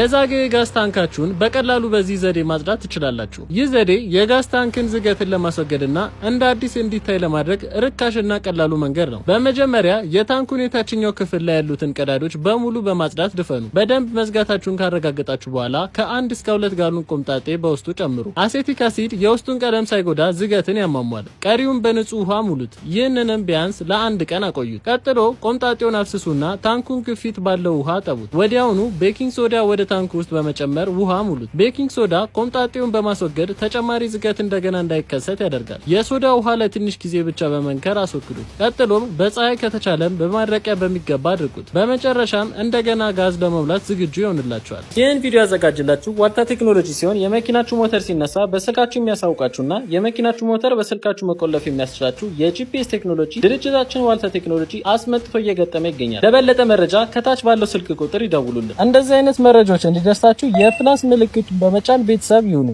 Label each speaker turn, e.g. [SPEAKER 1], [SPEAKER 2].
[SPEAKER 1] የዛጌ የጋዝ ታንካችሁን በቀላሉ በዚህ ዘዴ ማጽዳት ትችላላችሁ። ይህ ዘዴ የጋዝ ታንክን ዝገትን ለማስወገድና እንደ አዲስ እንዲታይ ለማድረግ ርካሽና ቀላሉ መንገድ ነው። በመጀመሪያ የታንኩን የታችኛው ክፍል ላይ ያሉትን ቀዳዶች በሙሉ በማጽዳት ድፈኑ። በደንብ መዝጋታችሁን ካረጋገጣችሁ በኋላ ከአንድ እስከ ሁለት ጋሉን ቆምጣጤ በውስጡ ጨምሩ። አሴቲክ አሲድ የውስጡን ቀለም ሳይጎዳ ዝገትን ያሟሟል። ቀሪውን በንጹህ ውሃ ሙሉት። ይህንንም ቢያንስ ለአንድ ቀን አቆዩት። ቀጥሎ ቆምጣጤውን አፍስሱና ታንኩን ክፊት ባለው ውሃ ጠቡት። ወዲያውኑ ቤኪንግ ሶዳ ወደ ወደ ታንኩ ውስጥ በመጨመር ውሃ ሙሉት። ቤኪንግ ሶዳ ቆምጣጤውን በማስወገድ ተጨማሪ ዝገት እንደገና እንዳይከሰት ያደርጋል። የሶዳ ውሃ ለትንሽ ጊዜ ብቻ በመንከር አስወግዱት። ቀጥሎም በፀሐይ ከተቻለም በማድረቂያ በሚገባ አድርጉት። በመጨረሻም እንደገና ጋዝ ለመብላት ዝግጁ ይሆንላችኋል። ይህን ቪዲዮ ያዘጋጅላችሁ ዋልታ ቴክኖሎጂ ሲሆን የመኪናችሁ ሞተር ሲነሳ በስልካችሁ የሚያሳውቃችሁና የመኪናችሁ ሞተር በስልካችሁ መቆለፍ የሚያስችላችሁ የጂፒኤስ ቴክኖሎጂ ድርጅታችን ዋልታ ቴክኖሎጂ አስመጥቶ እየገጠመ ይገኛል። ለበለጠ መረጃ ከታች ባለው ስልክ ቁጥር ይደውሉልን። እንደዚህ አይነት መረጃ ልጆች እንዲደርሳችሁ የፕላስ ምልክቱን በመጫን ቤተሰብ ይሁኑ።